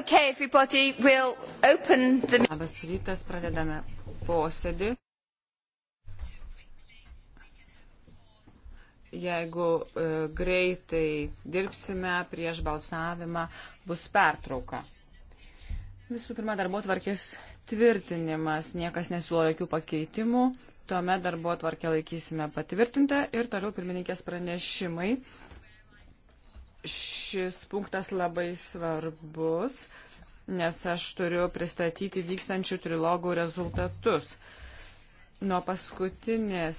Okay, everybody, we'll open the... Labas rytas, pradedame posėdį. Jeigu e, greitai dirbsime prieš balsavimą, bus pertrauka. Visų pirma, darbo tvarkės tvirtinimas. Niekas nesiūlo jokių pakeitimų. Tuomet darbo tvarkę laikysime patvirtintą ir toliau pirmininkės pranešimai šis punktas labai svarbus, nes aš turiu pristatyti vykstančių trilogų rezultatus. Nuo paskutinės,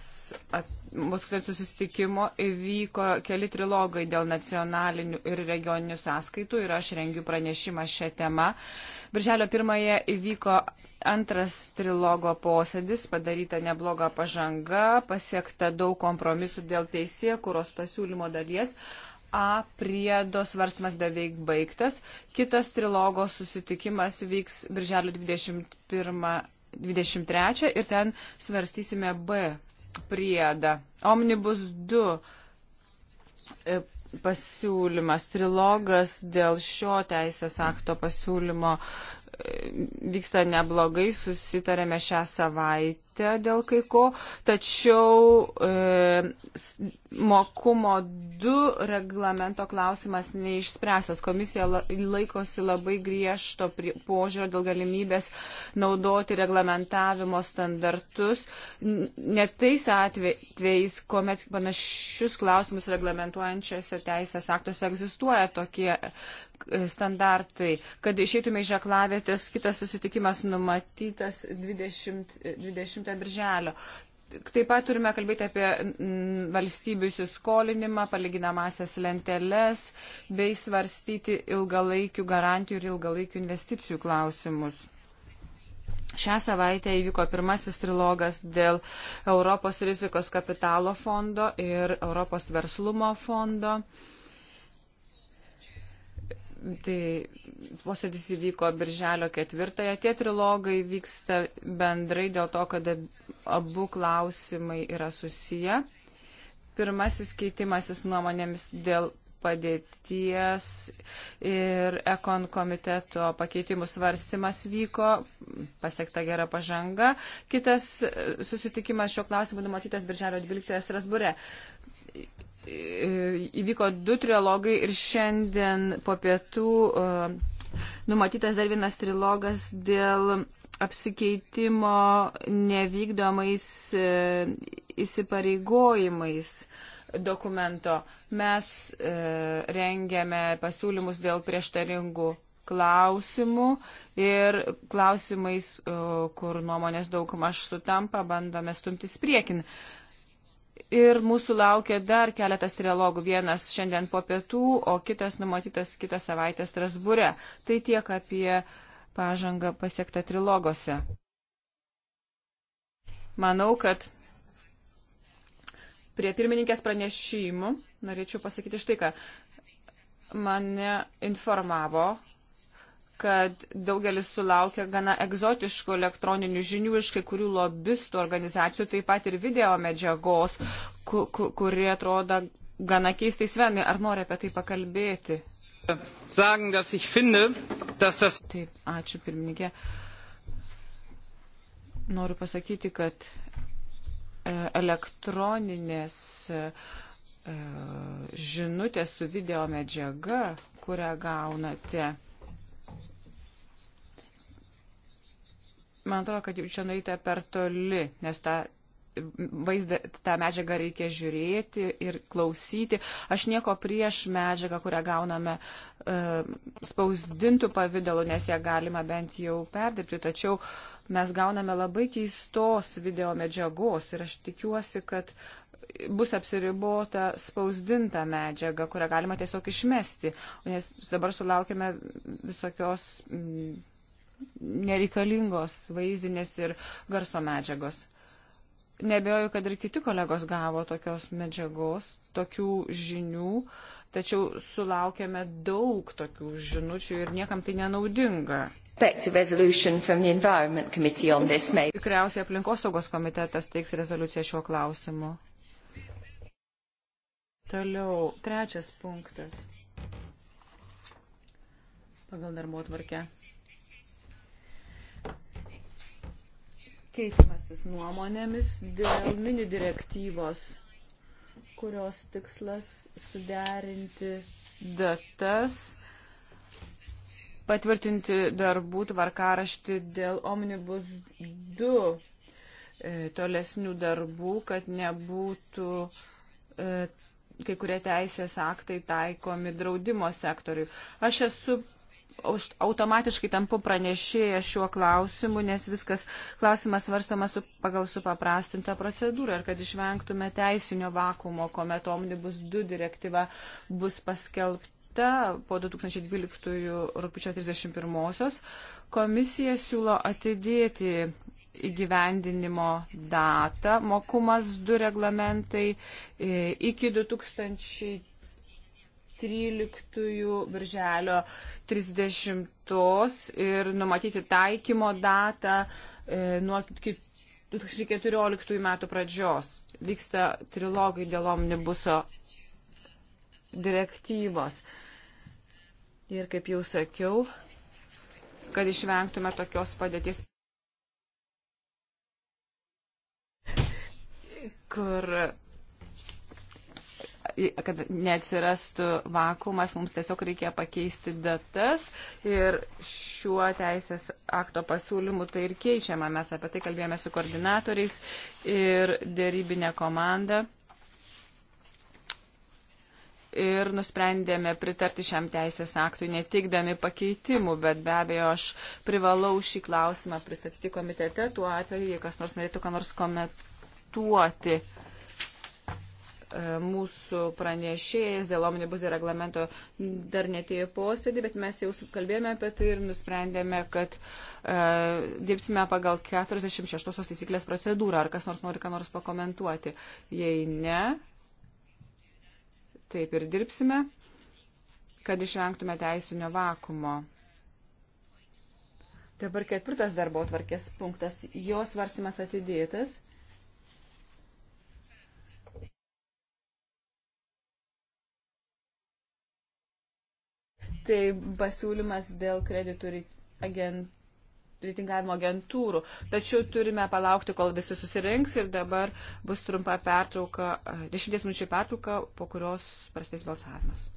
at, paskutinės susitikimo įvyko keli trilogai dėl nacionalinių ir regioninių sąskaitų ir aš rengiu pranešimą šią temą. Birželio pirmąją įvyko antras trilogo posėdis, padaryta nebloga pažanga, pasiekta daug kompromisų dėl teisė, kuros pasiūlymo dalies. A priedo svarstymas beveik baigtas. Kitas trilogo susitikimas vyks birželio 21-23 ir ten svarstysime B priedą. Omnibus 2 e, pasiūlymas, trilogas dėl šio teisės akto pasiūlymo e, vyksta neblogai, susitarėme šią savaitę parlamente dėl kai ko, tačiau e, mokumo 2 reglamento klausimas neišspręstas. Komisija laikosi labai griežto požiūrio dėl galimybės naudoti reglamentavimo standartus. Net tais atvejais, kuomet panašius klausimus reglamentuojančiose teisės aktuose egzistuoja tokie e, standartai. Kad išeitume iš aklavėtės, kitas susitikimas numatytas 20, 20 20 birželio. Taip pat turime kalbėti apie mm, valstybių įsiskolinimą, palyginamasias lenteles bei svarstyti ilgalaikių garantijų ir ilgalaikių investicijų klausimus. Šią savaitę įvyko pirmasis trilogas dėl Europos rizikos kapitalo fondo ir Europos verslumo fondo. Uh, Tai posėdis įvyko birželio ketvirtąją. Tie trilogai vyksta bendrai dėl to, kad abu klausimai yra susiję. Pirmasis keitimasis nuomonėmis dėl padėties ir ekon komiteto pakeitimų svarstymas vyko, pasiekta gera pažanga. Kitas susitikimas šio klausimu numatytas birželio 12 Strasbūre įvyko du trilogai ir šiandien po pietų e, numatytas dar vienas trilogas dėl apsikeitimo nevykdomais e, įsipareigojimais dokumento. Mes e, rengiame pasiūlymus dėl prieštaringų klausimų ir klausimais, kur nuomonės daugmaž sutampa, bandome stumtis priekin. Uh, ir mūsų laukia dar keletas trilogų. Vienas šiandien po pietų, o kitas numatytas kitą savaitę Strasbūre. Tai tiek apie pažangą pasiektą trilogose. Manau, kad prie pirmininkės pranešimų norėčiau pasakyti štai ką. Mane informavo kad daugelis sulaukia gana egzotiškų elektroninių žinių iš kai kurių lobistų organizacijų, taip pat ir video medžiagos, ku, ku, kuri atrodo gana keistai svenai. Ar nori apie tai pakalbėti? Sagen, dass ich finde, dass das... Taip, ačiū pirmininkė. Noriu pasakyti, kad e, elektroninės e, e, žinutės su video medžiaga, kurią gaunate, man atrodo, kad jau čia nueita per toli, nes tą vaizdą, tą medžiagą reikia žiūrėti ir klausyti. Aš nieko prieš medžiagą, kurią gauname e, spausdintų pavydalu, nes ją galima bent jau perdirbti, tačiau mes gauname labai keistos video medžiagos ir aš tikiuosi, kad bus apsiribota spausdinta medžiaga, kurią galima tiesiog išmesti, nes dabar sulaukime visokios nereikalingos vaizdinės ir garso medžiagos. Nebejoju, kad ir kiti kolegos gavo tokios medžiagos, tokių žinių, tačiau sulaukėme daug tokių žinučių ir niekam tai nenaudinga. Tikriausiai aplinkosaugos komitetas teiks rezoliuciją šiuo klausimu. Toliau, trečias punktas. Pagal darbo tvarkę. keitimasis nuomonėmis dėl mini direktyvos, kurios tikslas suderinti datas, patvirtinti darbų tvarkaraštį dėl Omnibus 2 e, tolesnių darbų, kad nebūtų e, kai kurie teisės aktai taikomi draudimo sektoriui. Aš esu automatiškai tampu pranešėję šiuo klausimu, nes viskas klausimas svarstamas su, pagal supaprastintą procedūrą ir kad išvengtume teisinio vakumo, kuomet omnibus 2 direktyva bus paskelbta po 2012 rūpiučio 31-osios. Komisija siūlo atidėti įgyvendinimo datą, mokumas 2 reglamentai e, iki 2000. 13 birželio 30 ir numatyti taikymo datą e, nuo 2014 metų pradžios. Vyksta trilogai dėl omnibuso direktyvos. Ir kaip jau sakiau, kad išvengtume tokios padėties, kur kad neatsirastų vakumas, mums tiesiog reikia pakeisti datas ir šiuo teisės akto pasiūlymu tai ir keičiama. Mes apie tai kalbėjome su koordinatoriais ir dėrybinė komanda. Ir nusprendėme pritarti šiam teisės aktui, netikdami pakeitimų, bet be abejo aš privalau šį klausimą pristatyti komitete, tuo atveju, jei kas nors norėtų ką nors komentuoti. E, mūsų pranešėjas dėl omnibus ir reglamento dar netėjo posėdį, bet mes jau kalbėjome apie tai ir nusprendėme, kad uh, dirbsime pagal 46 taisyklės procedūrą. Ar kas nors nori ką nors pakomentuoti? Jei ne, taip ir dirbsime, kad išvengtume teisinio vakumo. Dabar ketvirtas darbo tvarkės punktas. Jos varstimas atidėtas. Tai pasiūlymas dėl kreditų agent, reitingavimo agentūrų. Tačiau turime palaukti, kol visi susirinks ir dabar bus trumpa pertrauka, dešimties minučių pertrauka, po kurios prasidės balsavimas.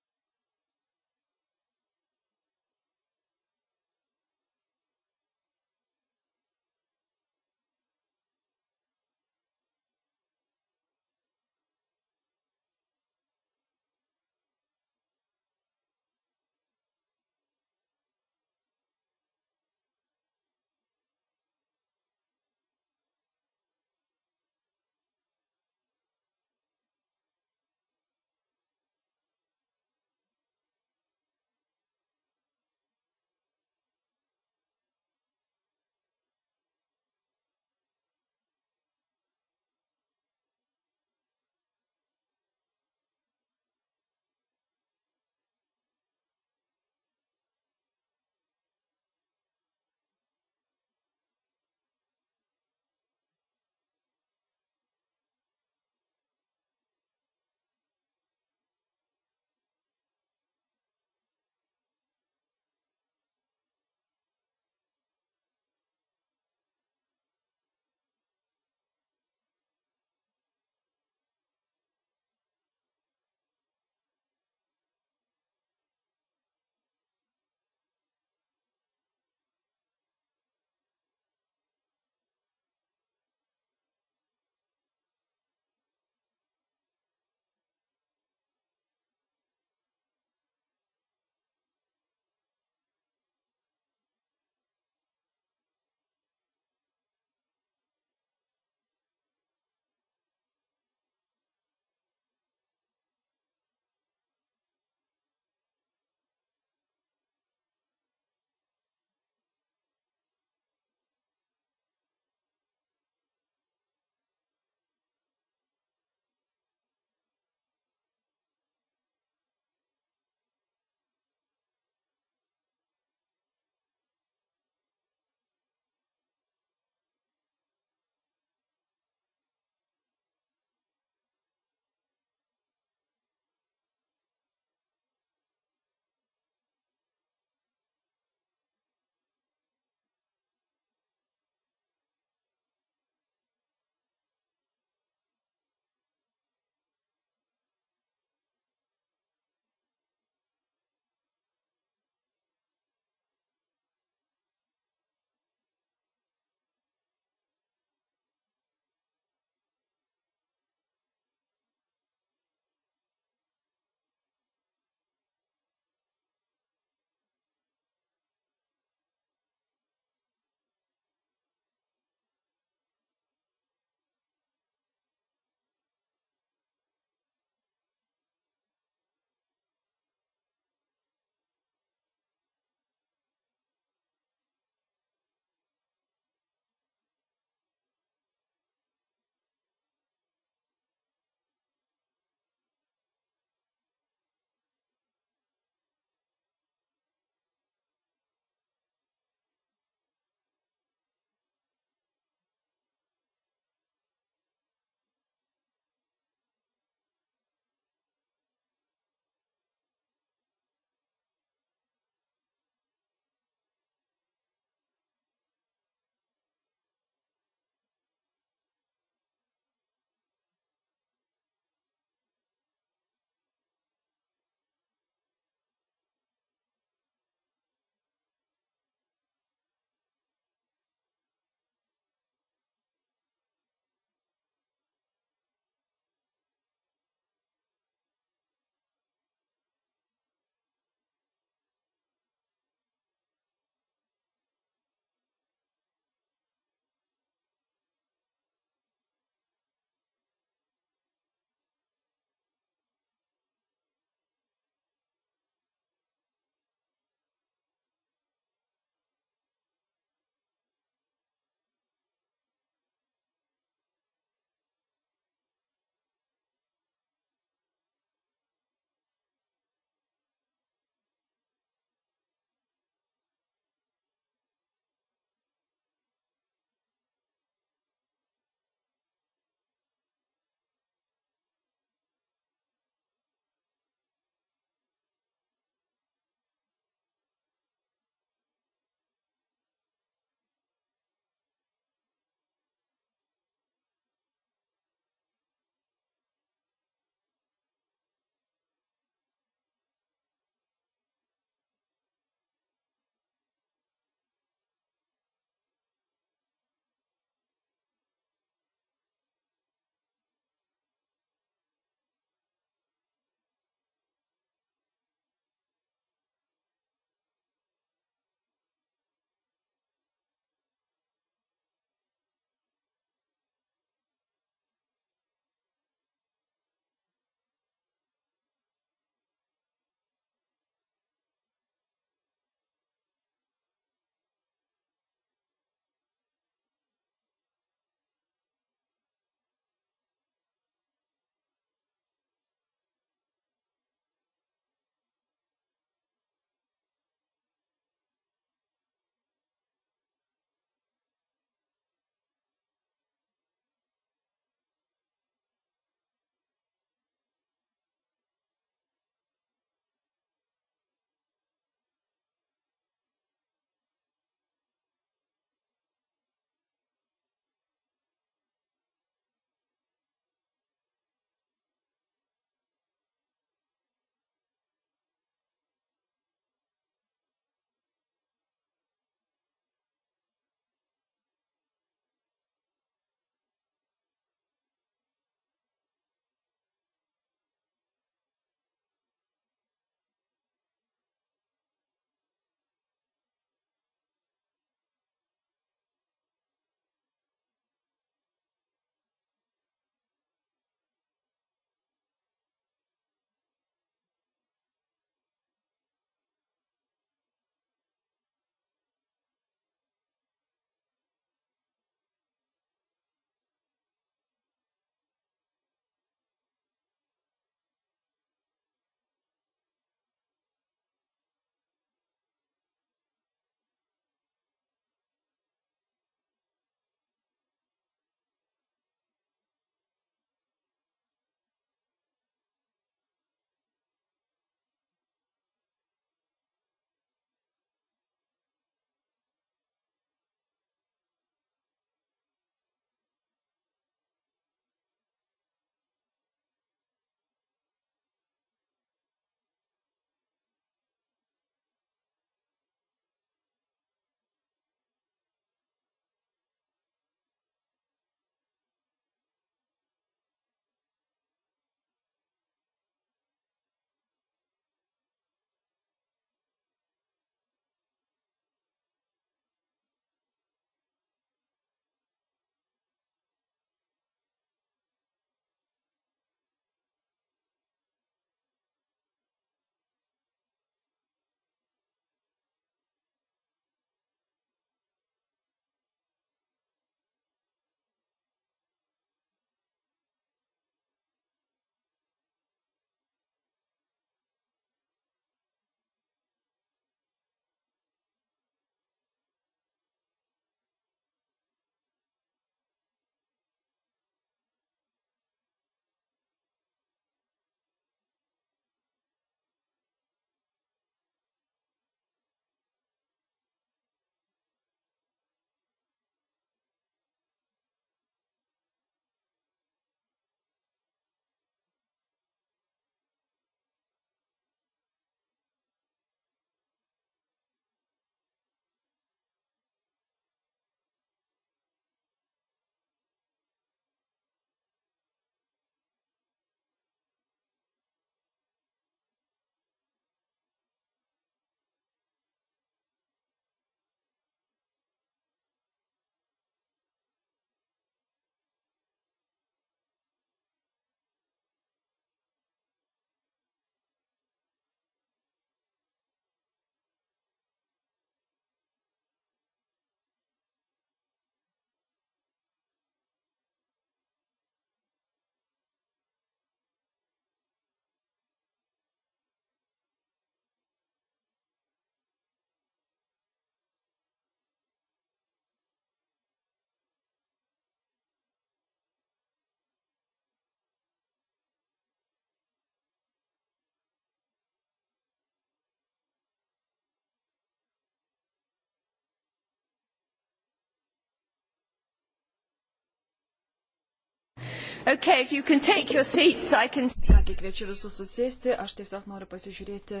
Okay, if you can take your seats, I can... Kągi kviečiu visus susėsti, aš tiesiog noriu pasižiūrėti,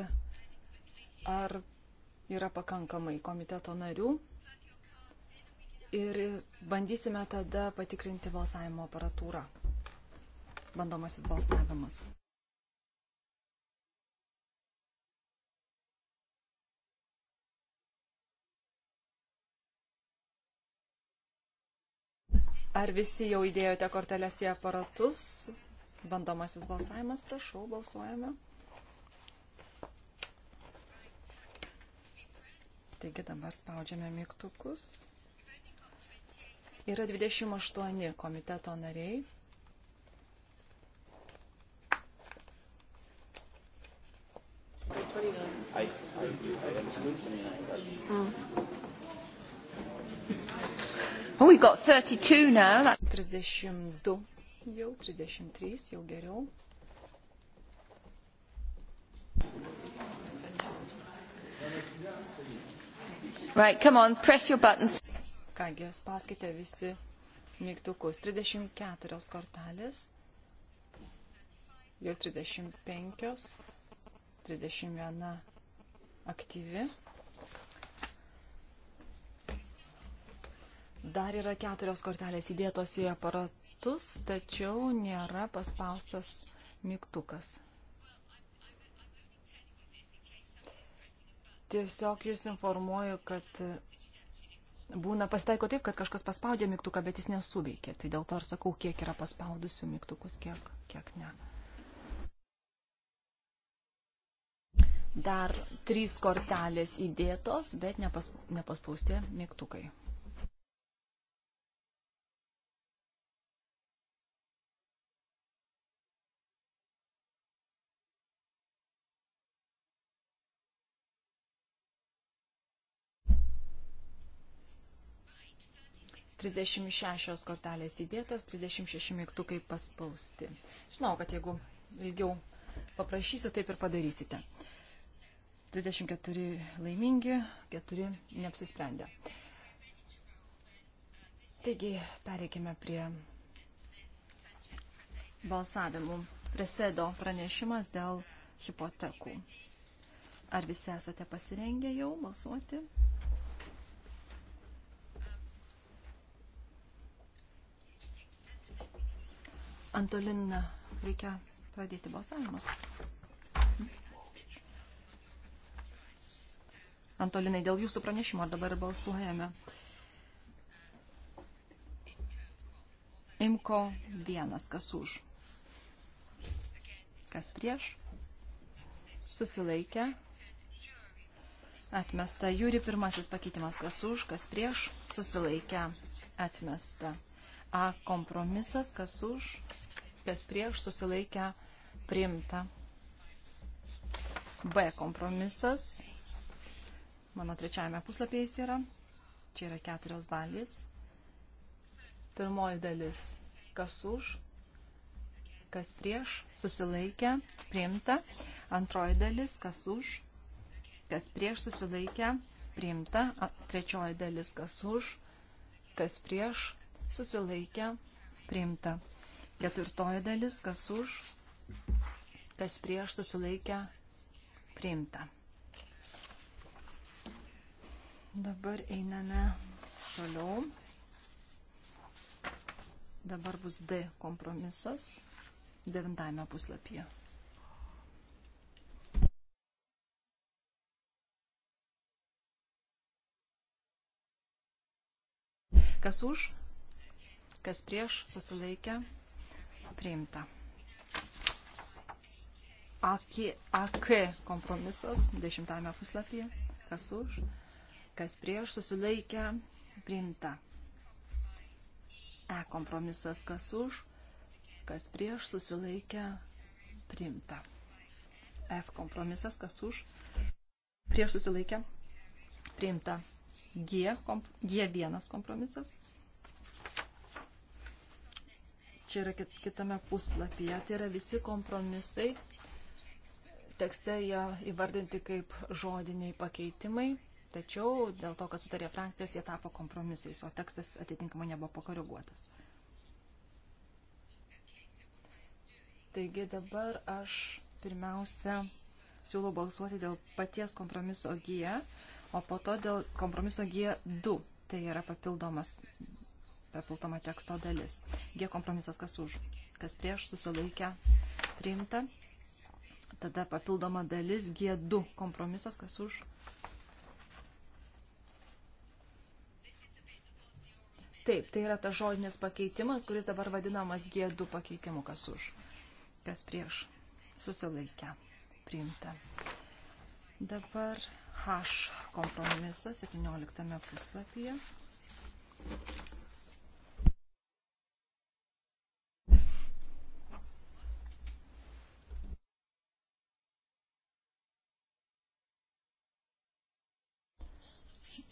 ar yra pakankamai komiteto narių. Ir bandysime tada patikrinti balsavimo aparatūrą. Bandomasis balsavimas. Ar visi jau įdėjote korteles į aparatus? Bandomasis balsavimas, prašau, balsuojame. Taigi dabar spaudžiame mygtukus. Yra 28 komiteto nariai. I, I, I understood, but... mm. Oh, we got 32 now. That... 32 jau, 33 jau geriau. Right, come on, press your buttons. Kągi, spauskite visi mygtukus. 34 kortelės, jau 35, 31 aktyvi. Dar yra keturios kortelės įdėtos į aparatus, tačiau nėra paspaustas mygtukas. Tiesiog jūs informuoju, kad būna pasitaiko taip, kad kažkas paspaudė mygtuką, bet jis nesuveikia. Tai dėl to ir sakau, kiek yra paspaudusių mygtukus, kiek, kiek ne. Dar trys kortelės įdėtos, bet nepas, nepaspausti mygtukai. 36 kortelės įdėtos, 36 mygtukai paspausti. Žinau, kad jeigu ilgiau paprašysiu, taip ir padarysite. 34 laimingi, 4 neapsisprendę. Taigi, pereikime prie balsavimų. Presedo pranešimas dėl hipotekų. Ar visi esate pasirengę jau balsuoti? Antolina, reikia pradėti balsavimus. Antolinai, dėl jūsų pranešimo dabar balsuojame. Imko vienas, kas už. Kas prieš? Susilaikę. Atmesta. Jūri pirmasis pakeitimas, kas už, kas prieš? Susilaikę. Atmesta. A kompromisas, kas už, kas prieš susilaikę priimta. B kompromisas. Mano trečiajame puslapyje jis yra. Čia yra keturios dalys. Pirmoji dalis - kas už, kas prieš, susilaikę, priimta. Antroji dalis - kas už, kas prieš, susilaikę, priimta. A, trečioji dalis - kas už, kas prieš, susilaikę, priimta. Ketvirtoji dalis, kas už, kas prieš susilaikę priimta. Dabar einame toliau. Dabar bus D kompromisas devintame puslapyje. Kas už, kas prieš susilaikę priimta priimta. AK, AK kompromisas dešimtame puslapyje. Kas už, kas prieš susilaikę priimta. E kompromisas kas už, kas prieš susilaikę priimta. F kompromisas kas už, prieš susilaikę priimta. G, komp, G1 kompromisas čia yra kit kitame puslapyje, tai yra visi kompromisai. Tekste jie įvardinti kaip žodiniai pakeitimai, tačiau dėl to, kad sutarė frakcijos, jie tapo kompromisais, o tekstas atitinkamai nebuvo pakoreguotas. Taigi dabar aš pirmiausia siūlau balsuoti dėl paties kompromiso G, o po to dėl kompromiso G2. Tai yra papildomas papildoma teksto dalis. G kompromisas kas už, kas prieš susilaikę priimta. Tada papildoma dalis G2 kompromisas kas už. Taip, tai yra tas žodinis pakeitimas, kuris dabar vadinamas G2 pakeitimu kas už, kas prieš susilaikę priimta. Dabar H kompromisas 17 puslapyje.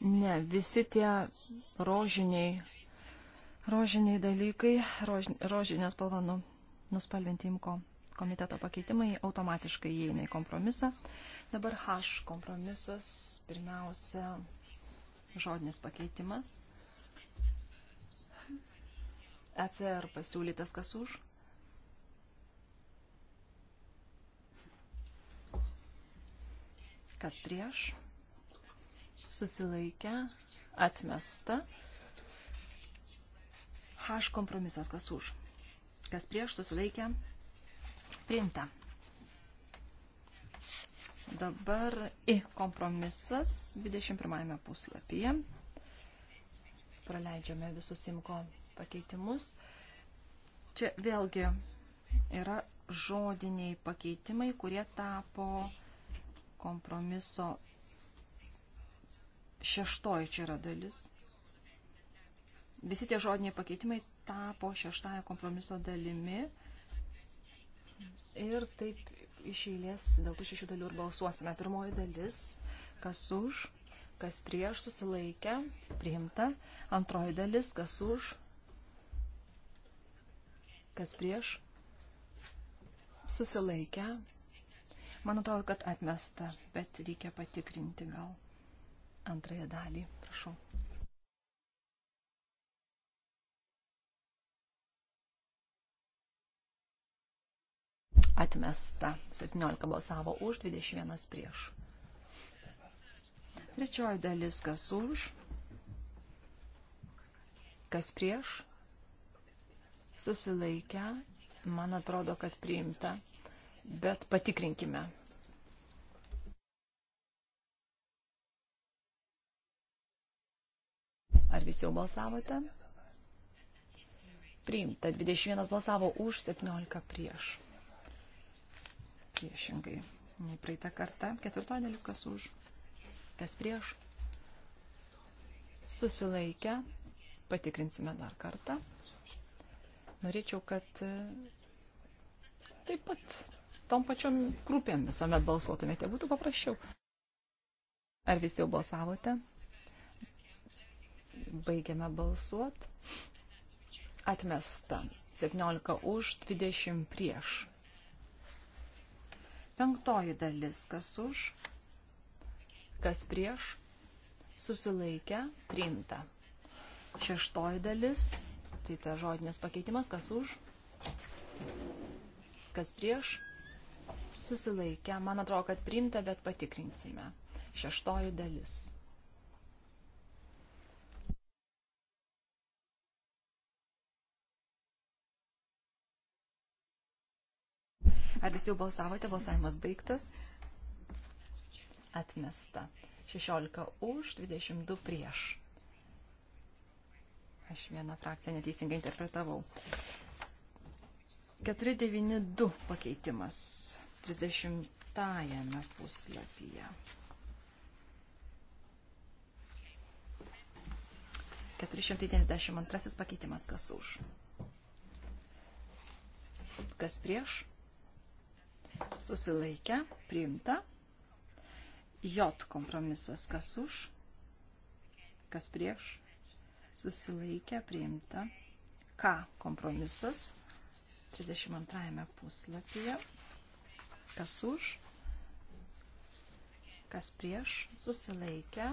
Ne, visi tie rožiniai, rožiniai dalykai, rož, rožinės spalva nu, nuspalvinti imko komiteto pakeitimai automatiškai įeina į kompromisą. Dabar H kompromisas, pirmiausia, žodinis pakeitimas. ECR pasiūlytas kas už. Kas prieš? susilaikę, atmesta. H kompromisas, kas už, kas prieš, susilaikę, priimta. Dabar I kompromisas 21 puslapyje. Praleidžiame visus simko pakeitimus. Čia vėlgi yra žodiniai pakeitimai, kurie tapo kompromiso šeštoji čia yra dalis. Visi tie žodiniai pakeitimai tapo šeštąją kompromiso dalimi. Ir taip iš eilės dėl tų šešių dalių ir balsuosime. Pirmoji dalis, kas už, kas prieš susilaikę, priimta. Antroji dalis, kas už, kas prieš susilaikę. Man atrodo, kad atmesta, bet reikia patikrinti gal antrąją dalį. Prašau. Atmesta. 17 balsavo už, 21 prieš. Trečioji dalis kas už, kas prieš, susilaikę, man atrodo, kad priimta, bet patikrinkime. Ar visi jau balsavote? Priimta. 21 balsavo už, 17 prieš. Priešingai. Nei praeitą kartą. Ketvirtoji dalis kas už. Kas prieš. Susilaikę. Patikrinsime dar kartą. Norėčiau, kad e, taip pat tom pačiom grupėm visuomet balsuotumėte. Būtų paprasčiau. Ar visi jau balsavote? Baigiame balsuot. Atmesta. 17 už, 20 prieš. Penktoji dalis. Kas už? Kas prieš? Susilaikę. Priimta. Šeštoji dalis. Tai ta žodinės pakeitimas. Kas už? Kas prieš? Susilaikę. Man atrodo, kad priimta, bet patikrinsime. Šeštoji dalis. Ar visi jau balsavote? Balsavimas baigtas. Atmesta. 16 už, 22 prieš. Aš vieną frakciją neteisingai interpretavau. 492 pakeitimas 30-ajame puslapyje. 492 pakeitimas kas už. Kas prieš? susilaikę, priimta. J kompromisas, kas už, kas prieš, susilaikę, priimta. K kompromisas, 32 puslapyje, kas už, kas prieš, susilaikę,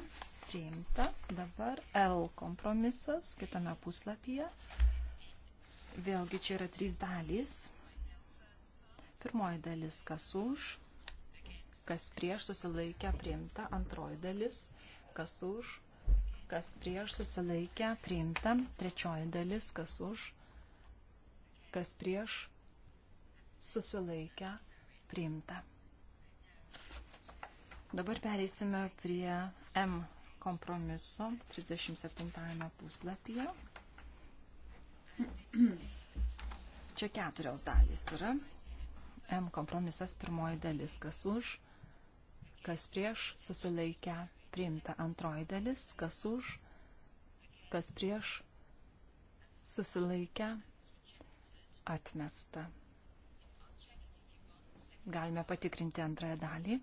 priimta. Dabar L kompromisas kitame puslapyje. Vėlgi čia yra trys dalys. Pirmoji dalis, kas už, kas prieš susilaikę priimta. Antroji dalis, kas už, kas prieš susilaikę priimta. Trečioji dalis, kas už, kas prieš susilaikę priimta. Dabar pereisime prie M kompromiso 37 puslapyje. Čia keturios dalys yra. M kompromisas pirmoji dalis, kas už, kas prieš, susilaikę, priimta antroji dalis, kas už, kas prieš, susilaikę, atmesta. Galime patikrinti antrąją dalį.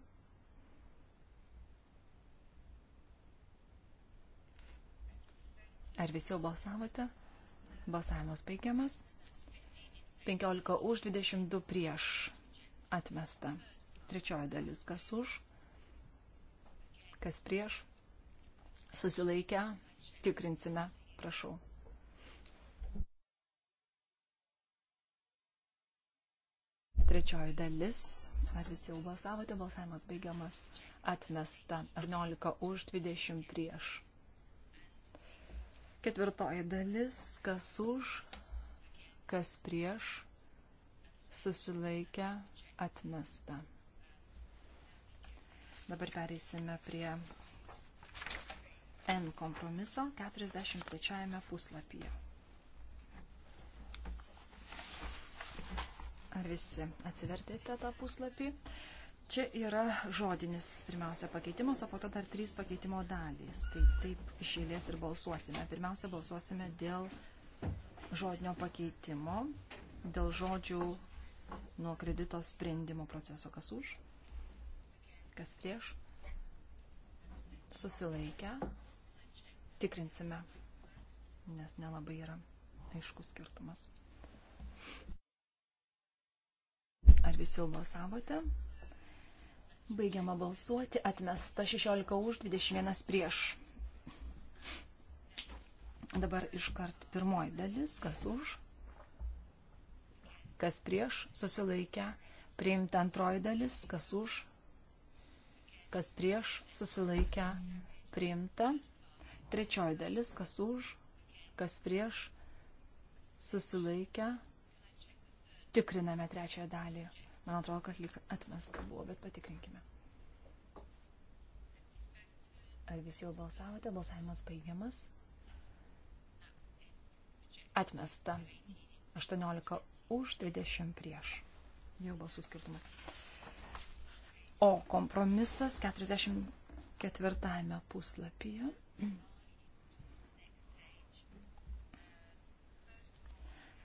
Ar visi jau balsavote? Balsavimas baigiamas. 15 už, 22 prieš. Atmesta. Trečioji dalis. Kas už? Kas prieš? Susilaikę. Tikrinsime. Prašau. Trečioji dalis. Ar visi jau balsavote? Balsavimas baigiamas. Atmesta. 18 už 20 prieš. Ketvirtoji dalis, kas už, kas prieš, susilaikę, atmesta. Dabar pereisime prie N kompromiso 43 puslapyje. Ar visi atsivertėte tą puslapį? Čia yra žodinis pirmiausia pakeitimas, o po to dar trys pakeitimo dalys. Tai taip iš eilės ir balsuosime. Pirmiausia, balsuosime dėl žodinio pakeitimo, dėl žodžių nuo kredito sprendimo proceso. Kas už, kas prieš, susilaikę, tikrinsime, nes nelabai yra aiškus skirtumas. Ar visi jau balsavote? Baigiama balsuoti, atmesta 16 už, 21 prieš. Dabar iškart pirmoji dalis, kas už, kas prieš, susilaikę, priimta antroji dalis, kas už, kas prieš, susilaikę, priimta, trečioji dalis, kas už, kas prieš, susilaikę, tikriname trečiąją dalį. Man atrodo, kad lyg atmesta buvo, bet patikrinkime. Ar visi jau balsavote? Balsavimas baigiamas. Atmesta. 18 už 20 prieš. Jau balsų skirtumas. O kompromisas 44 puslapyje.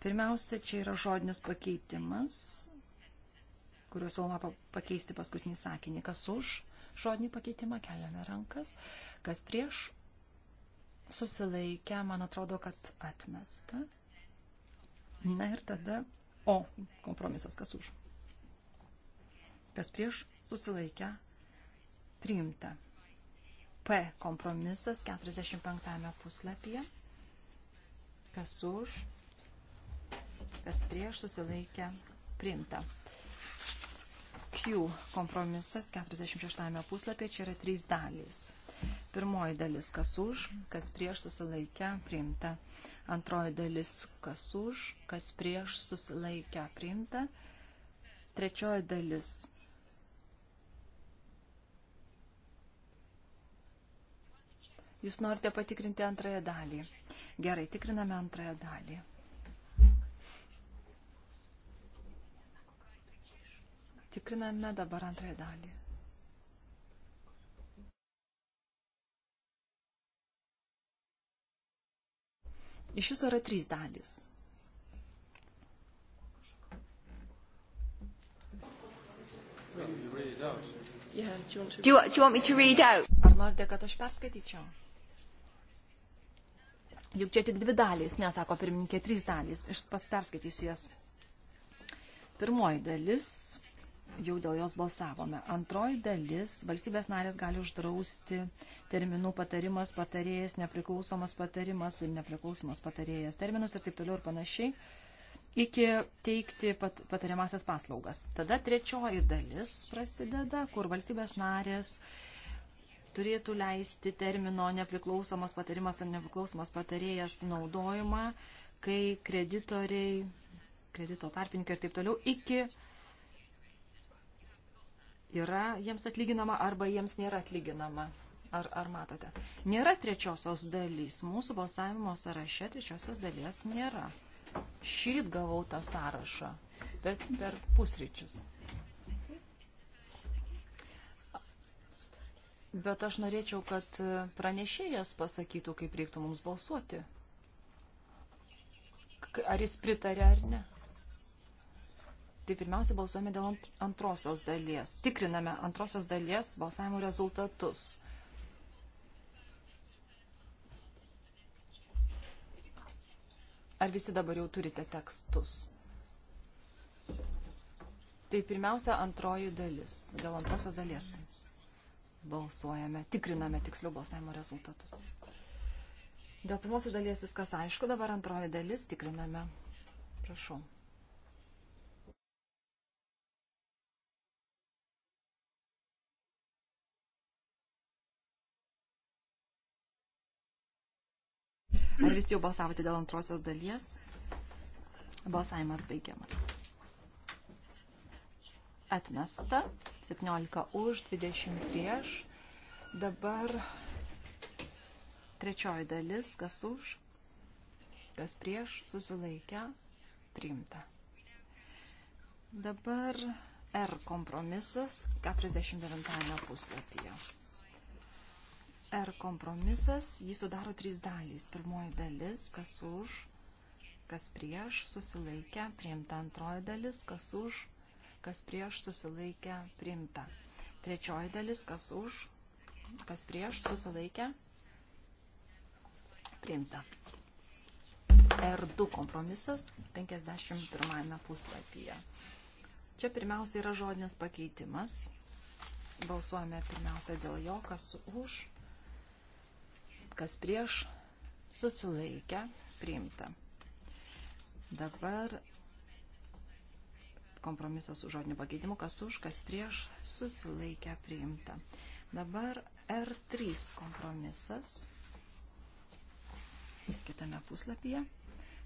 Pirmiausia, čia yra žodinis pakeitimas, kuriuo siūloma pakeisti paskutinį sakinį. Kas už žodinį pakeitimą keliame rankas, kas prieš susilaikę, man atrodo, kad atmesta. Na ir tada, o, kompromisas kas už. Kas prieš susilaikę priimta. P kompromisas 45 puslapyje. Kas už, kas prieš susilaikę priimta. Q kompromisas 46 puslapyje, čia yra trys dalys. Pirmoji dalis, kas už, kas prieš susilaikę priimta. Antroji dalis, kas už, kas prieš, susilaikę, priimta. Trečioji dalis. Jūs norite patikrinti antrąją dalį. Gerai, tikriname antrąją dalį. Tikriname dabar antrąją dalį. Iš viso yra trys dalys. Ar norite, kad aš perskaityčiau? Juk čia tik dvi dalys, nesako pirmininkė, trys dalys. Aš perskaitysiu jas. Pirmoji dalis, jau dėl jos balsavome. Antroji dalis, valstybės narės gali uždrausti uh, terminų patarimas, patarėjas, nepriklausomas patarimas ir nepriklausomas patarėjas terminus ir taip toliau ir panašiai, iki teikti pat, patariamasias paslaugas. Tada trečioji dalis prasideda, kur valstybės narės turėtų leisti termino nepriklausomas patarimas ar nepriklausomas patarėjas naudojimą, kai kreditoriai, kredito tarpininkai ir taip toliau iki yra jiems atlyginama arba jiems nėra atlyginama. Ar, ar matote? Nėra trečiosios dalys. Mūsų balsavimo sąraše trečiosios dalies nėra. Šįryt gavau tą sąrašą per, per pusryčius. Bet aš norėčiau, kad pranešėjas pasakytų, kaip reiktų mums balsuoti. Ar jis pritarė ar ne? Tai pirmiausia, balsuojame dėl antrosios dalies. Tikriname antrosios dalies balsavimo rezultatus. Ar visi dabar jau turite tekstus? Tai pirmiausia, antroji dalis. Dėl antrosios dalies balsuojame, tikriname tiksliau balsavimo rezultatus. Dėl pirmosios dalies viskas aišku, dabar antroji dalis tikriname. Prašau. Ar visi jau balsavote dėl antrosios dalies? Balsavimas baigiamas. Atmesta. 17 už, 20 prieš. Dabar trečioji dalis, kas už, kas prieš, susilaikę, priimta. Dabar R kompromisas 49 puslapyje. R kompromisas, jį sudaro trys dalys. Pirmoji dalis, kas už, kas prieš, susilaikę, priimta. Antroji dalis, kas už, kas prieš, susilaikę, priimta. Trečioji dalis, kas už, kas prieš, susilaikę, priimta. R2 kompromisas 51 puslapyje. Čia pirmiausia yra žodinis pakeitimas. Balsuojame pirmiausia dėl jo, kas už, kas prieš, susilaikę, priimta. Dabar kompromisas su žodiniu pakeitimu, kas už, kas prieš, susilaikę, priimta. Dabar R3 kompromisas. Jis kitame puslapyje.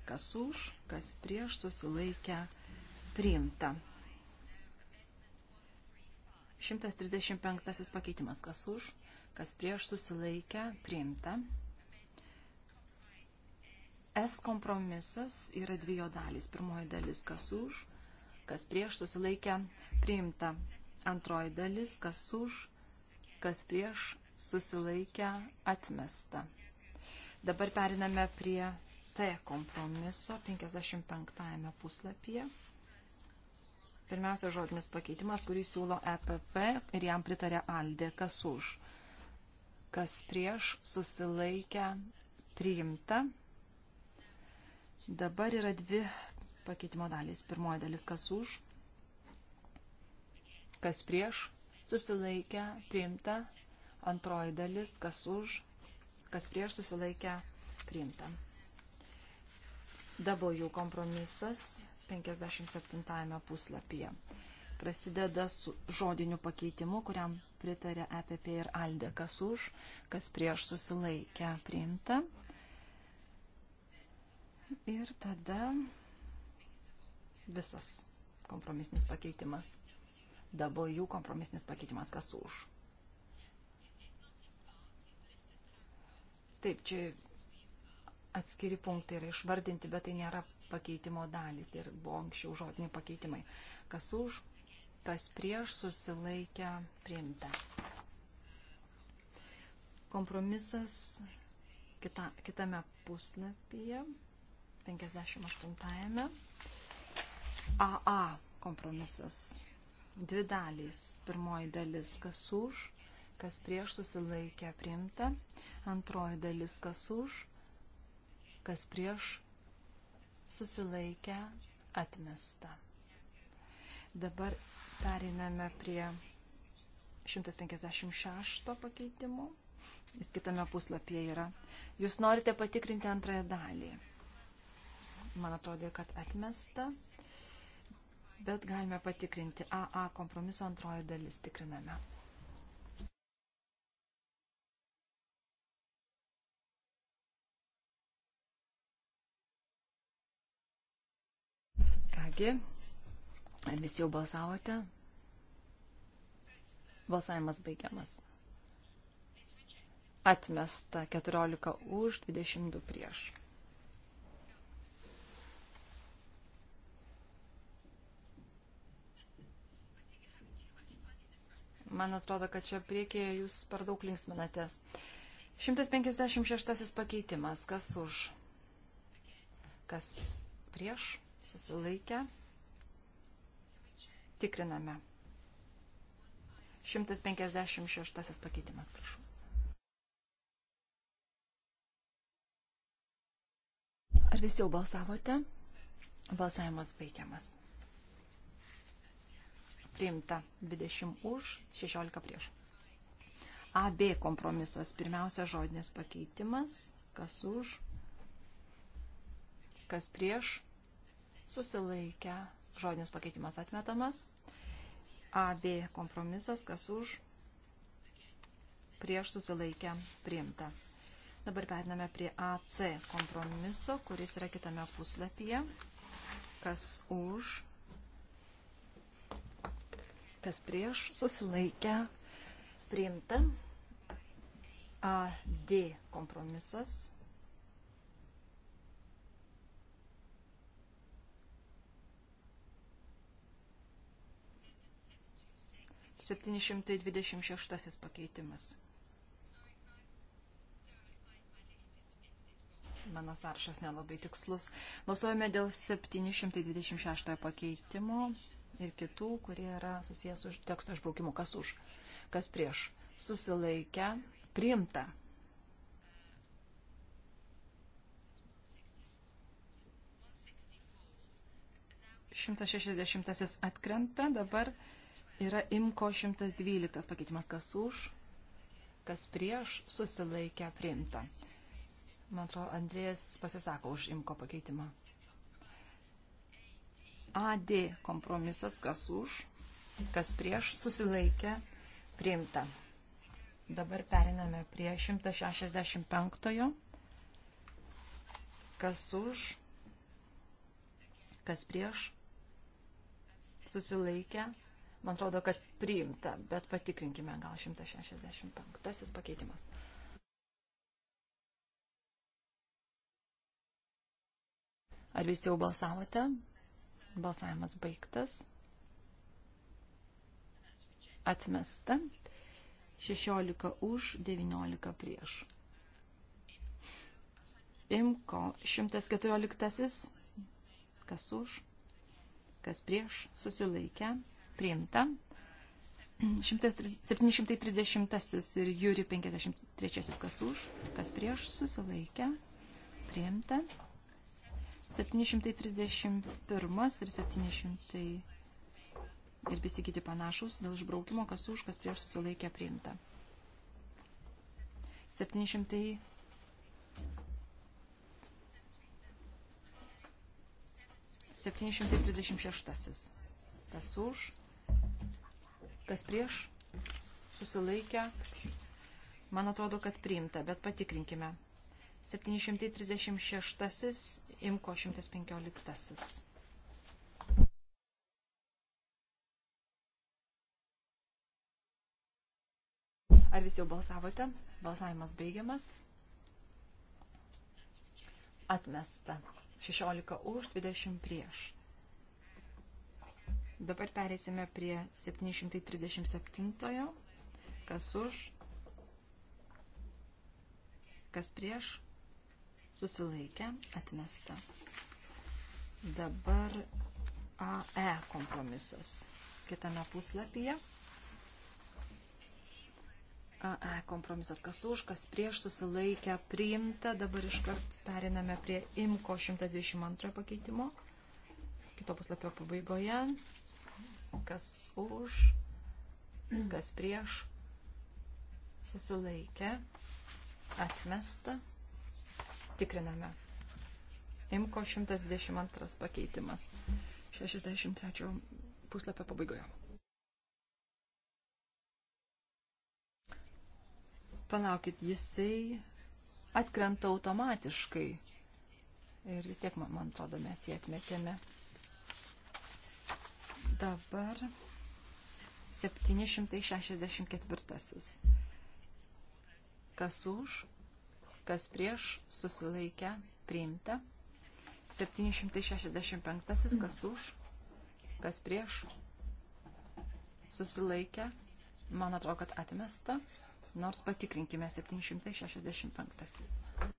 Kas už, kas prieš, susilaikę, priimta. 135 pakeitimas, kas už, kas prieš susilaikę priimta. S kompromisas yra dviejų dalys. Pirmoji dalis, kas už, kas prieš susilaikę priimta. Antroji dalis, kas už, kas prieš susilaikę atmesta. Dabar periname prie T kompromiso 55 puslapyje. Pirmiausia, žodinis pakeitimas, kurį siūlo EPP ir jam pritarė Aldė, kas už kas prieš, susilaikę, priimta. Dabar yra dvi pakeitimo dalys. Pirmoji dalis, kas už, kas prieš, susilaikę, priimta. Antroji dalis, kas už, kas prieš, susilaikę, priimta. W kompromisas 57 puslapyje prasideda su žodiniu pakeitimu, kuriam pritarė EPP ir Aldė, kas už, kas prieš susilaikę priimta. Ir tada visas kompromisinis pakeitimas. Dabar jų kompromisinis pakeitimas, kas už. Taip, čia atskiri punktai yra išvardinti, bet tai nėra pakeitimo dalys, tai buvo anksčiau žodiniai pakeitimai. Kas už, kas prieš susilaikę priimta. Kompromisas kita, kitame puslapyje, 58-ame. AA kompromisas. Dvi dalys. Pirmoji dalis, kas už, kas prieš susilaikę priimta. Antroji dalis, kas už, kas prieš susilaikę atmesta. Dabar periname prie 156 pakeitimo. Jis kitame puslapyje yra. Jūs norite patikrinti antrąją dalį. Man atrodo, kad atmesta. Bet galime patikrinti. AA kompromiso antroji dalis tikriname. Kągi, Ar visi jau balsavote? Balsavimas baigiamas. Atmesta 14 už, 22 prieš. Man atrodo, kad čia priekyje jūs per daug linksminatės. 156 pakeitimas. Kas už? Kas prieš? Susilaikę? Tikriname. 156 pakeitimas, prašau. Ar visi jau balsavote? Balsavimas baigiamas. Priimta 20 už, 16 prieš. AB kompromisas. Pirmiausia, žodinės pakeitimas. Kas už, kas prieš, susilaikę, žodinis pakeitimas atmetamas. AB kompromisas, kas už, prieš susilaikę priimta. Dabar periname prie AC kompromiso, kuris yra kitame puslapyje. Kas už, kas prieš susilaikę priimta. AD kompromisas, 726 pakeitimas. Mano sąrašas nelabai tikslus. Balsuojame dėl 726 pakeitimo ir kitų, kurie yra susijęs su teksto išbraukimu. Kas už? Kas prieš? Susilaikę. Priimta. 160 atkrenta, dabar yra imko 112 pakeitimas, kas už, kas prieš, susilaikę priimta. Man atrodo, Andrėjas pasisako už imko pakeitimą. AD kompromisas, kas už, kas prieš, susilaikę priimta. Dabar periname prie 165. Kas už, kas prieš, susilaikę priimta Man atrodo, kad priimta, bet patikrinkime gal 165 pakeitimas. Ar visi jau balsavote? Balsavimas baigtas. Atmesta. 16 už, 19 prieš. Imko 114. Kas už, kas prieš, susilaikę, priimta. 730 ir Jūri 53 kas už, kas prieš susilaikė, priimta. 731 ir 700 ir visi kiti panašus dėl išbraukimo, kas už, kas prieš susilaikė, priimta. 700 736 kas už, Kas prieš? Susilaikę. Man atrodo, kad priimta, bet patikrinkime. 736 imko 115. Ar visi jau balsavote? Balsavimas baigiamas. Atmesta. 16 už, 20 prieš. Dabar pereisime prie 737. Kas už, kas prieš, susilaikę, atmesta. Dabar AE kompromisas. Kitame puslapyje. AE kompromisas, kas už, kas prieš susilaikę, priimta. Dabar iškart periname prie IMKO 122 pakeitimo. Kito puslapio pabaigoje kas už, kas prieš, susilaikę, atmesta, tikriname. Imko 122 pakeitimas 63 puslapio pabaigoje. Palaukit, jisai atkrenta automatiškai ir vis tiek, man, man atrodo, mes jį atmetėme. Dabar 764. Kas už, kas prieš, susilaikę, priimta. 765. Kas už, kas prieš, susilaikę. Man atrodo, kad atmesta. Nors patikrinkime 765.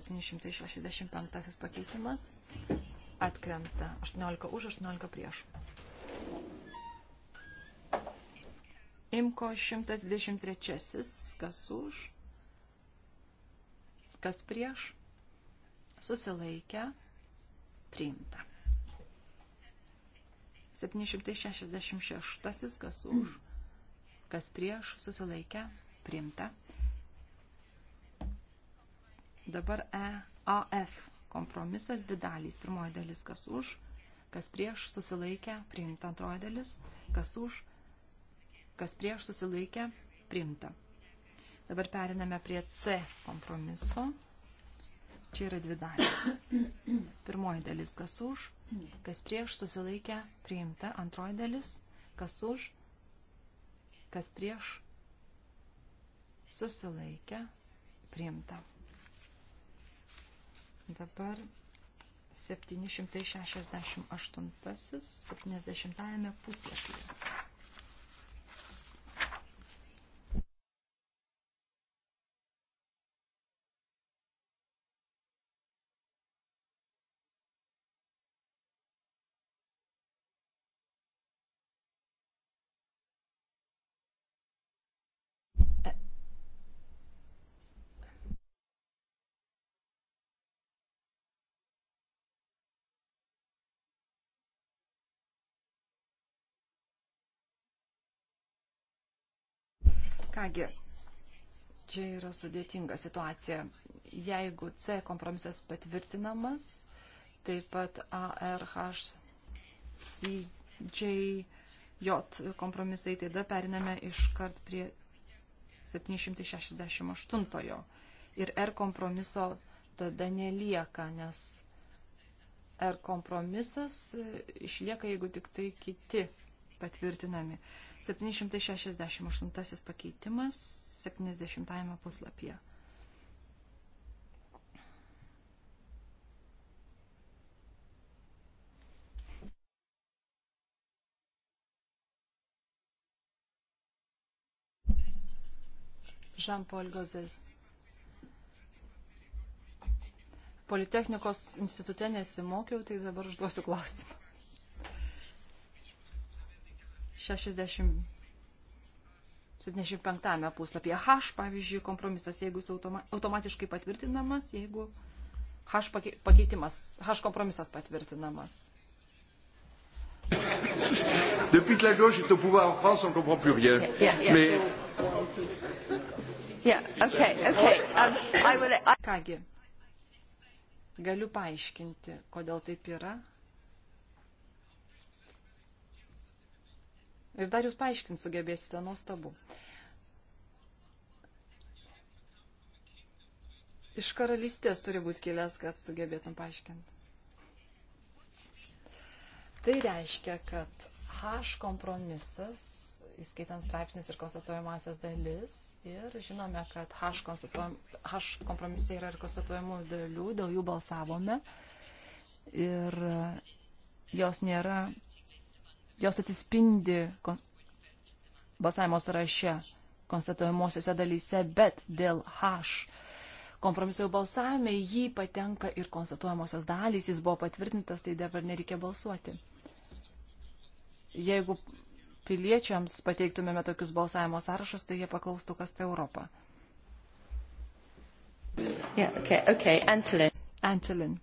765 pakeitimas atkrenta 18 už, 18 prieš. Imko 123, kas už, kas prieš, susilaikę, priimta. 766, kas už, kas prieš, susilaikę, priimta. Dabar EAF kompromisas dvi dalys. Pirmoji dalis kas už, kas prieš susilaikę, priimta. Antroji dalis kas už, kas prieš susilaikę, priimta. Dabar periname prie C kompromiso. Čia yra dvi dalys. Pirmoji dalis kas už, kas prieš susilaikę, priimta. Antroji dalis kas už, kas prieš susilaikę, priimta. Dabar 768, 70 puslapyje. Kągi, čia yra sudėtinga situacija. Jeigu C kompromisas patvirtinamas, taip pat ARHCJJ kompromisai, tada periname iškart prie 768 ir R kompromiso tada nelieka, nes R kompromisas išlieka, jeigu tik tai kiti patvirtinami. 768 pakeitimas 70 puslapyje. Jean-Paul Gozes. Politechnikos institute nesimokiau, tai dabar užduosiu klausimą. 60. 75 puslapyje H, pavyzdžiui, kompromisas, jeigu jis automa automatiškai patvirtinamas, jeigu H pakeitimas, H kompromisas patvirtinamas. Depuis que la gauche est au pouvoir en France, on ne comprend plus rien. Yeah, yeah, yeah. Mais... yeah okay, okay. Um, I will... Kągi, galiu paaiškinti, kodėl taip yra. Ir dar jūs paaiškinti sugebėsite nuostabu. Iš karalystės turi būti kilęs, kad sugebėtum paaiškinti. Tai reiškia, kad H kompromisas, įskaitant straipsnius ir konstatuojamasias dalis, ir žinome, kad H, H kompromisai yra ir konstatuojamų dalių, dėl jų balsavome. Ir jos nėra jos atsispindi balsavimo sąraše konstatuojamosiose dalyse, bet dėl H kompromiso balsavime jį patenka ir konstatuojamosios dalys, jis buvo patvirtintas, tai dabar nereikia balsuoti. Jeigu piliečiams pateiktumėme tokius balsavimo sąrašus, tai jie paklaustų, kas tai Europa. Yeah, okay, okay. Antolin. Antolin.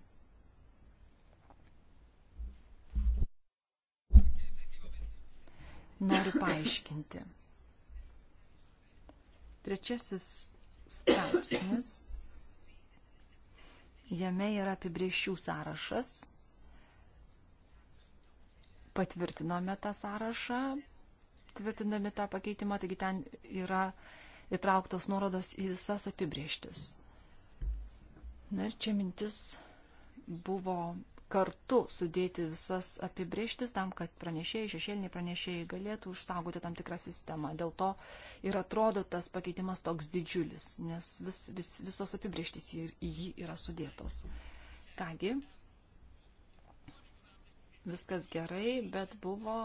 noriu paaiškinti. Trečiasis straipsnis. Jame yra apibriešių sąrašas. Patvirtinome tą sąrašą, tvirtindami tą pakeitimą, taigi ten yra įtrauktos nuorodos į visas apibrieštis. Na ir čia mintis buvo kartu sudėti visas apibrieštis tam, kad pranešėjai, šešėliniai pranešėjai galėtų užsaugoti tam tikrą sistemą. Dėl to ir atrodo tas pakeitimas toks didžiulis, nes vis, vis, visos apibrieštis į, į jį yra sudėtos. Kągi, viskas gerai, bet buvo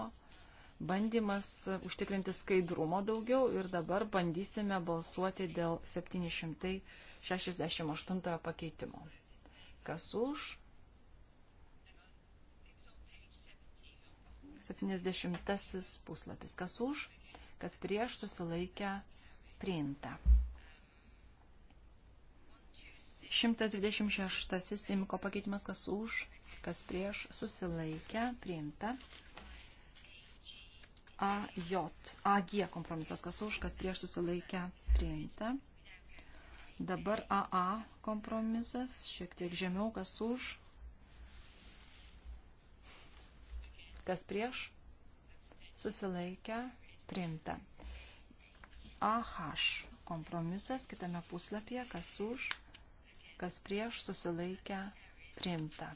bandymas užtikrinti skaidrumo daugiau ir dabar bandysime balsuoti dėl 768 pakeitimo. Kas už? 70 puslapis. Kas už, kas prieš susilaikę priimta. 126 imko pakeitimas, kas už, kas prieš susilaikę priimta. AJ, AG kompromisas, kas už, kas prieš susilaikę priimta. Dabar AA kompromisas, šiek tiek žemiau, kas už, kas prieš, susilaikę, priimta. AH kompromisas kitame puslapyje, kas už, kas prieš, susilaikę, priimta.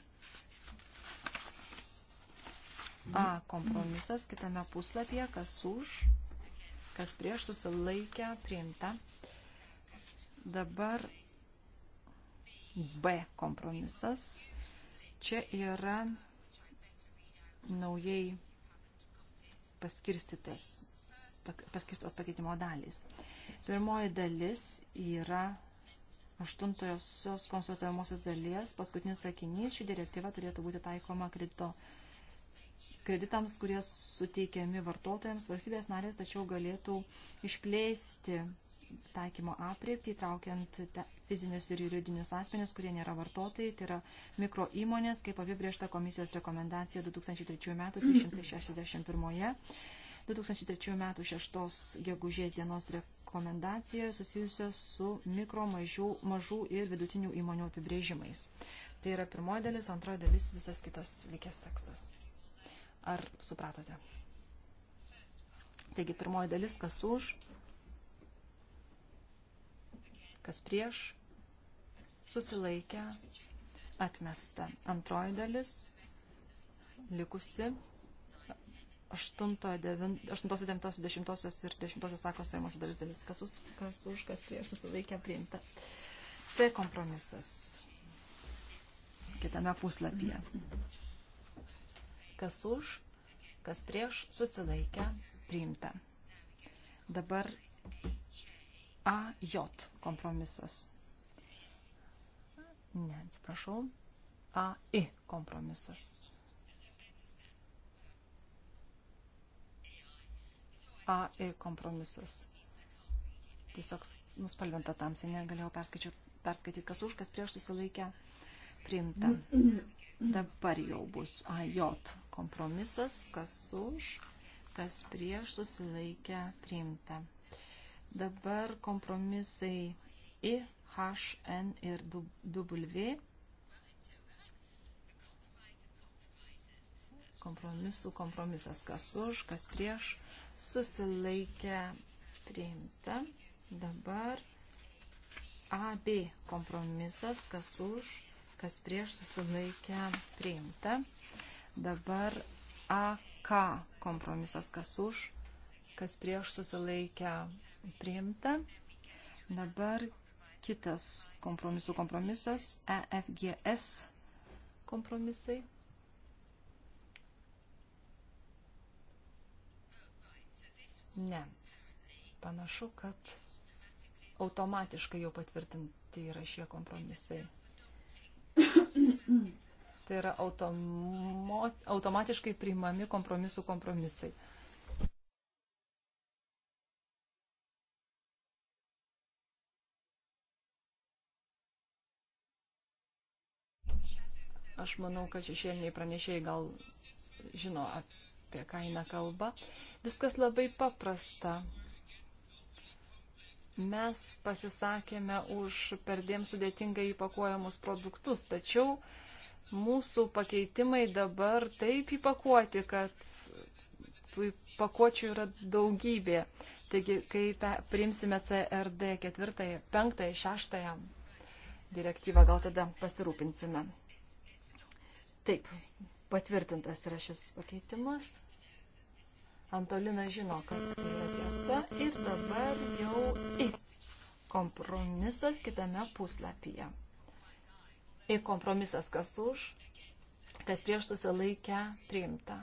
A kompromisas kitame puslapyje, kas už, kas prieš, susilaikę, priimta. Dabar B kompromisas. Čia yra naujai paskirstytas, paskirstos pakeitimo dalys. Pirmoji dalis yra aštuntosios konsultuojamosios dalies, paskutinis sakinys, ši direktyva turėtų būti taikoma kredito, kreditams, kurie suteikiami vartotojams valstybės narės, tačiau galėtų išplėsti taikymo apriepti, įtraukiant fizinius ir juridinius asmenis, kurie nėra vartotojai, tai yra mikro įmonės, kaip apibriešta komisijos rekomendacija 2003 m. 361. 2003 m. 6 gegužės dienos rekomendacijoje susijusios su mikro, mažių, mažų ir vidutinių įmonių apibrėžimais. Tai yra pirmoji dalis, antroji dalis, visas kitas likęs tekstas. Ar supratote? Taigi pirmoji dalis, kas už, kas prieš, susilaikę, atmesta. Antroji dalis, likusi, 8-9-10 ir 10 sako stojamos dalis dalis, kas už, kas, už, kas prieš susilaikę priimta. C kompromisas kitame puslapyje. Kas už, kas prieš susilaikę priimta. Dabar AJ kompromisas. Ne, atsiprašau. AI kompromisas. AI kompromisas. Tiesiog nuspalvinta tamsiai, negalėjau perskaityti, kas už, kas prieš susilaikę priimta. Dabar jau bus AJ kompromisas, kas už, kas prieš susilaikę priimta. Dabar kompromisai I, H, N ir W. Kompromisų kompromisas kas už, kas prieš. Susilaikę priimta. Dabar AB kompromisas kas už, kas prieš susilaikę priimta. Dabar AK kompromisas kas už, kas prieš susilaikę priimta priimta. Dabar kitas kompromisų kompromisas, EFGS kompromisai. Ne. Panašu, kad automatiškai jau patvirtinti yra šie kompromisai. tai yra automo, automatiškai priimami kompromisų kompromisai. Aš manau, kad šešėliniai pranešėjai gal žino, apie ką eina kalba. Viskas labai paprasta. Mes pasisakėme už perdėm sudėtingai įpakuojamus produktus, tačiau mūsų pakeitimai dabar taip įpakuoti, kad tų pakuočių yra daugybė. Taigi, kai priimsime CRD ketvirtąją, penktąją, šeštąją direktyvą, gal tada pasirūpinsime. Taip, patvirtintas yra šis pakeitimas. Antolina žino, kad tai yra tiesa ir dabar jau į kompromisas kitame puslapyje. Į kompromisas kas už, kas prieš susilaikę priimta.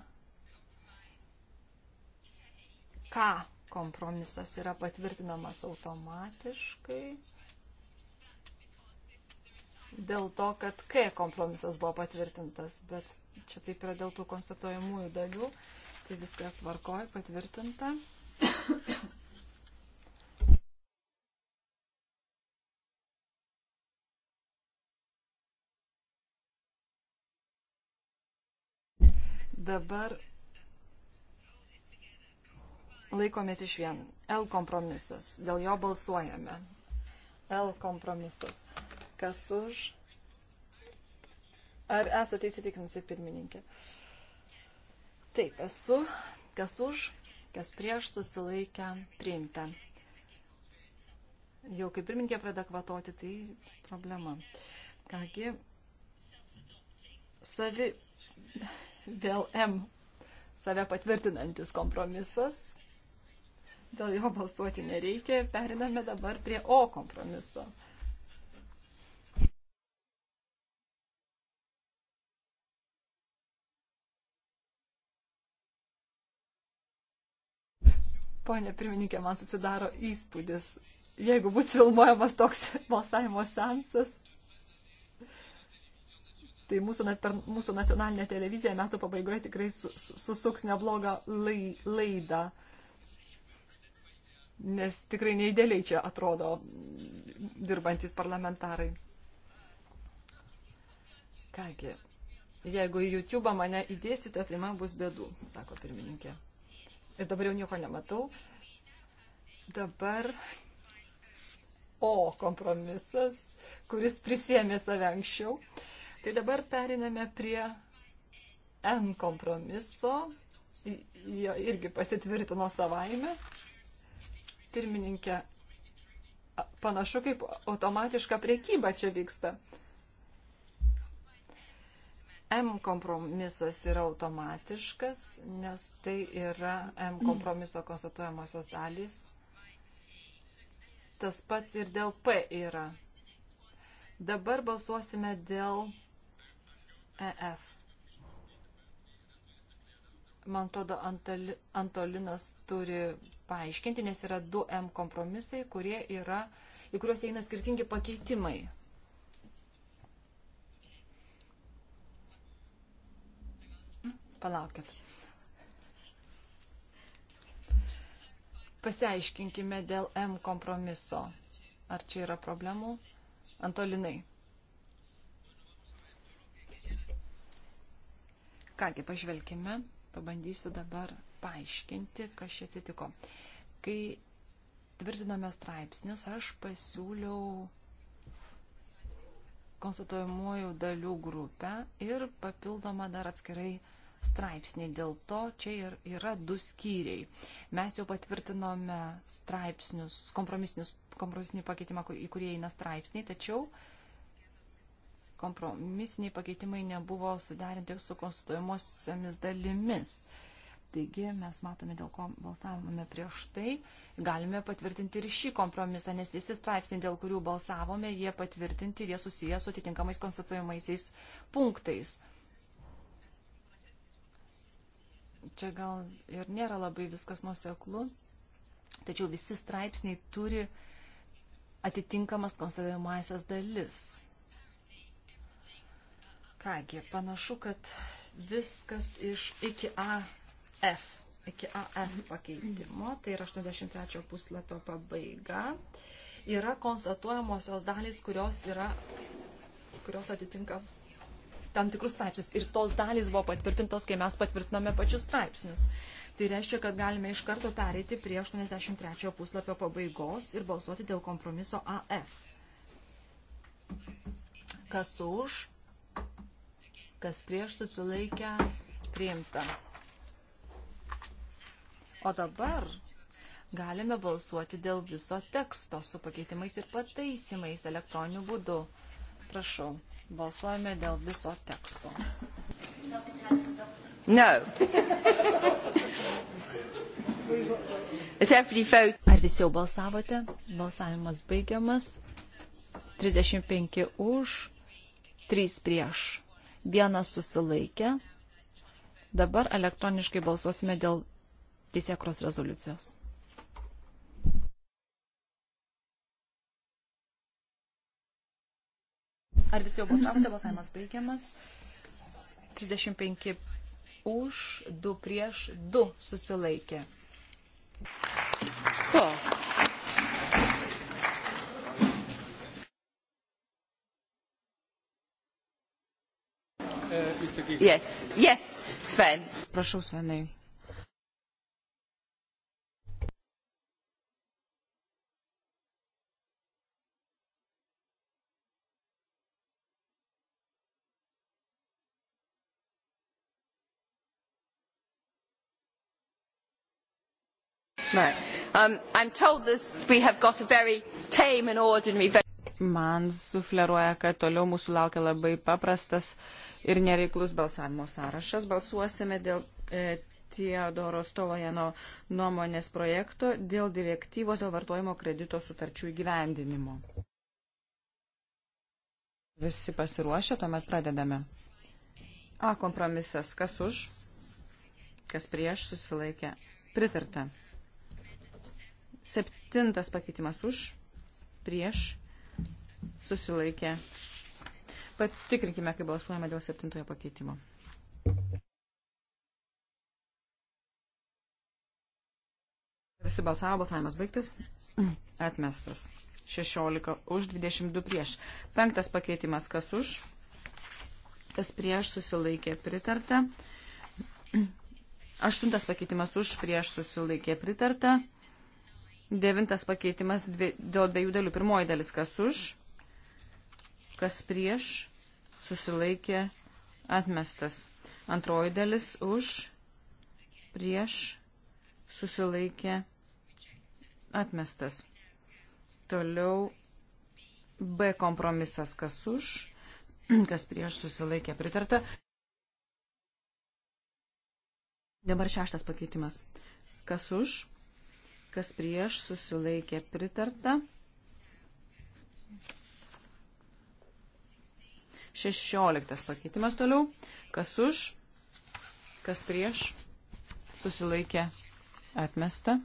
Ką kompromisas yra patvirtinamas automatiškai? dėl to, kad K kompromisas buvo patvirtintas, bet čia taip yra dėl tų konstatuojamųjų dalių, tai viskas tvarkoj patvirtinta. Dabar laikomės iš vien. L kompromisas. Dėl jo balsuojame. L kompromisas. Kas už? Ar esate įsitikinusi pirmininkė? Taip, esu. Kas už, kas prieš susilaikę priimta. Jau kaip pirmininkė pradeda kvatoti, tai problema. Kągi, savi vėl M save patvirtinantis kompromisas. Dėl jo balsuoti nereikia. Periname dabar prie O kompromiso. Pone pirmininkė, man susidaro įspūdis, jeigu bus filmuojamas toks balsavimo sensas, tai mūsų, per mūsų nacionalinė televizija metų pabaigoje tikrai susuks neblogą lai, laidą. Nes tikrai neįdėliai čia atrodo dirbantis parlamentarai. Kągi, jeigu į YouTube mane įdėsite, tai man bus bėdų, sako pirmininkė. Ir dabar jau nieko nematau. Dabar O kompromisas, kuris prisėmė save anksčiau. Tai dabar periname prie N kompromiso. Jo irgi pasitvirtino savaime. Pirmininkė, panašu kaip automatiška priekyba čia vyksta. M kompromisas yra automatiškas, nes tai yra M kompromiso konstatuojamosios dalys. Tas pats ir dėl P yra. Dabar balsuosime dėl EF. Man atrodo, Antolinas turi paaiškinti, nes yra du M kompromisai, kurie yra, į kuriuos eina skirtingi pakeitimai. Palaukit. Pasiaiškinkime dėl M kompromiso. Ar čia yra problemų? Antolinai. Kągi, pažvelkime, pabandysiu dabar paaiškinti, kas čia atsitiko. Kai tvirtinome straipsnius, aš pasiūliau konstatuojamųjų dalių grupę ir papildomą dar atskirai straipsnį. Dėl to čia ir yra du skyriai. Mes jau patvirtinome straipsnius, kompromisinį pakeitimą, į kurį eina straipsniai, tačiau kompromisiniai pakeitimai nebuvo suderinti su konstituojamosiomis dalimis. Taigi mes matome, dėl ko balsavome prieš tai, galime patvirtinti ir šį kompromisą, nes visi straipsniai, dėl kurių balsavome, jie patvirtinti ir jie susiję su atitinkamais konstatuojamaisiais punktais. čia gal ir nėra labai viskas nuseklu, tačiau visi straipsniai turi atitinkamas konstatuojamasias dalis. Kągi, panašu, kad viskas iš iki AF, iki AF pakeitimo, tai yra 83 puslapio pabaiga, yra konstatuojamosios dalys, kurios, yra, kurios atitinka tam tikrus straipsnius. Ir tos dalys buvo patvirtintos, kai mes patvirtinome pačius straipsnius. Tai reiškia, kad galime iš karto pereiti prie 83 puslapio pabaigos ir balsuoti dėl kompromiso AF. Kas už, kas prieš susilaikę, priimta. O dabar galime balsuoti dėl viso teksto su pakeitimais ir pataisimais elektroniniu būdu. Prašau. Balsuojame dėl viso teksto. No. Ar visi jau balsavote? Balsavimas baigiamas. 35 už, 3 prieš, 1 susilaikė. Dabar elektroniškai balsuosime dėl teisėkros rezoliucijos. Ar visi jau balsavote? Balsavimas baigiamas. 35 už, 2 prieš, 2 susilaikė. Ko? Uh, yes, yes, Sven. Prašau, Svenai. No. Um, I'm told this, we have got a very tame and ordinary Man sufleruoja, kad toliau mūsų laukia labai paprastas ir nereiklus balsavimo sąrašas. Balsuosime dėl e, Teodoro Stolojeno nuomonės projekto dėl direktyvos dėl vartojimo kredito sutarčių įgyvendinimo. Visi pasiruošę, tuomet pradedame. A kompromisas. Kas už? Kas prieš susilaikė? Pritarta. Septintas pakeitimas už, prieš, susilaikė. Patikrinkime, kaip balsuojame dėl septintojo pakeitimo. Visi balsavo, balsavimas baigtas. Atmestas. 16 už, 22 prieš. Penktas pakeitimas, kas už, kas prieš susilaikė pritarta. Aštuntas pakeitimas už, prieš susilaikė pritarta. Devintas pakeitimas dvi, dėl dviejų dalių. Pirmoji dalis, kas už, kas prieš, susilaikė, atmestas. Antroji dalis už, prieš, susilaikė, atmestas. Toliau B kompromisas, kas už, kas prieš, susilaikė, pritarta. Dabar šeštas pakeitimas. Kas už? kas prieš susilaikė pritarta. 16 pakeitimas toliau. Kas už, kas prieš susilaikė atmesta.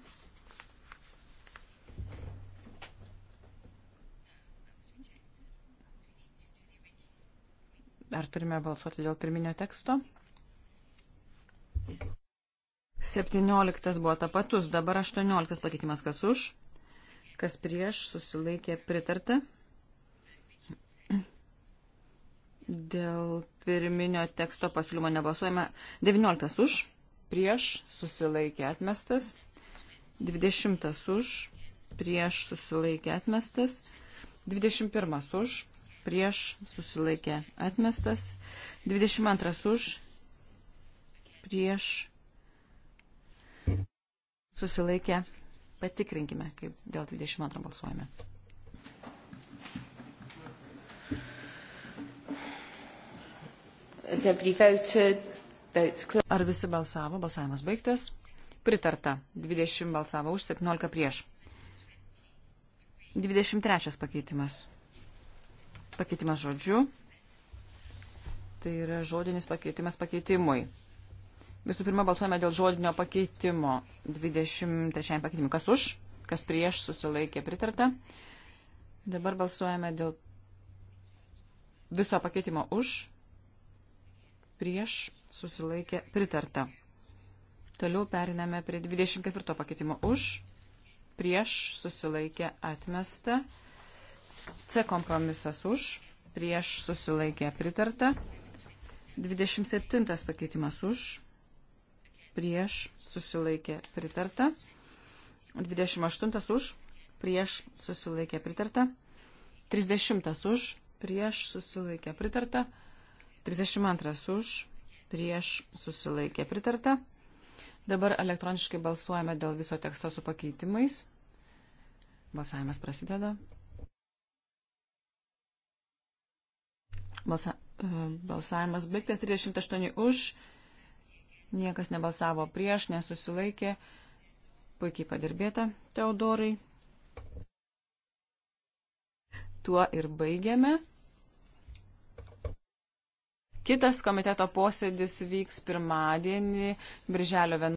Ar turime balsuoti dėl pirminio teksto? 17 buvo tapatus, dabar 18 pakeitimas kas už, kas prieš, susilaikė pritarta. Dėl pirminio teksto pasiūlymo nebalsuojame. 19 už, prieš, susilaikė atmestas. 20 už, prieš, susilaikė atmestas. 21 už, prieš, susilaikė atmestas. 22 už, prieš, Susilaikė. Patikrinkime, kaip dėl 22 balsuojame. Ar visi balsavo? Balsavimas baigtas. Pritarta. 20 balsavo už, 17 prieš. 23 pakeitimas. Pakeitimas žodžiu. Tai yra žodinis pakeitimas pakeitimui. Visų pirma, balsuojame dėl žodinio pakeitimo. 23 pakeitimui. Kas už, kas prieš susilaikė pritarta. Dabar balsuojame dėl viso pakeitimo už, prieš susilaikė pritarta. Toliau periname prie 24 pakeitimo už, prieš susilaikė atmesta. C kompromisas už, prieš susilaikė pritarta. 27 pakeitimas už, prieš susilaikė pritarta. 28 už, prieš susilaikė pritarta. 30 už, prieš susilaikė pritarta. 32 už, prieš susilaikė pritarta. Dabar elektroniškai balsuojame dėl viso teksto su pakeitimais. Balsavimas prasideda. Balsa, e, balsavimas baigtas 38 už, Niekas nebalsavo prieš, nesusilaikė. Puikiai padirbėta, Teodorai. Tuo ir baigiame. Kitas komiteto posėdis vyks pirmadienį, birželio 11.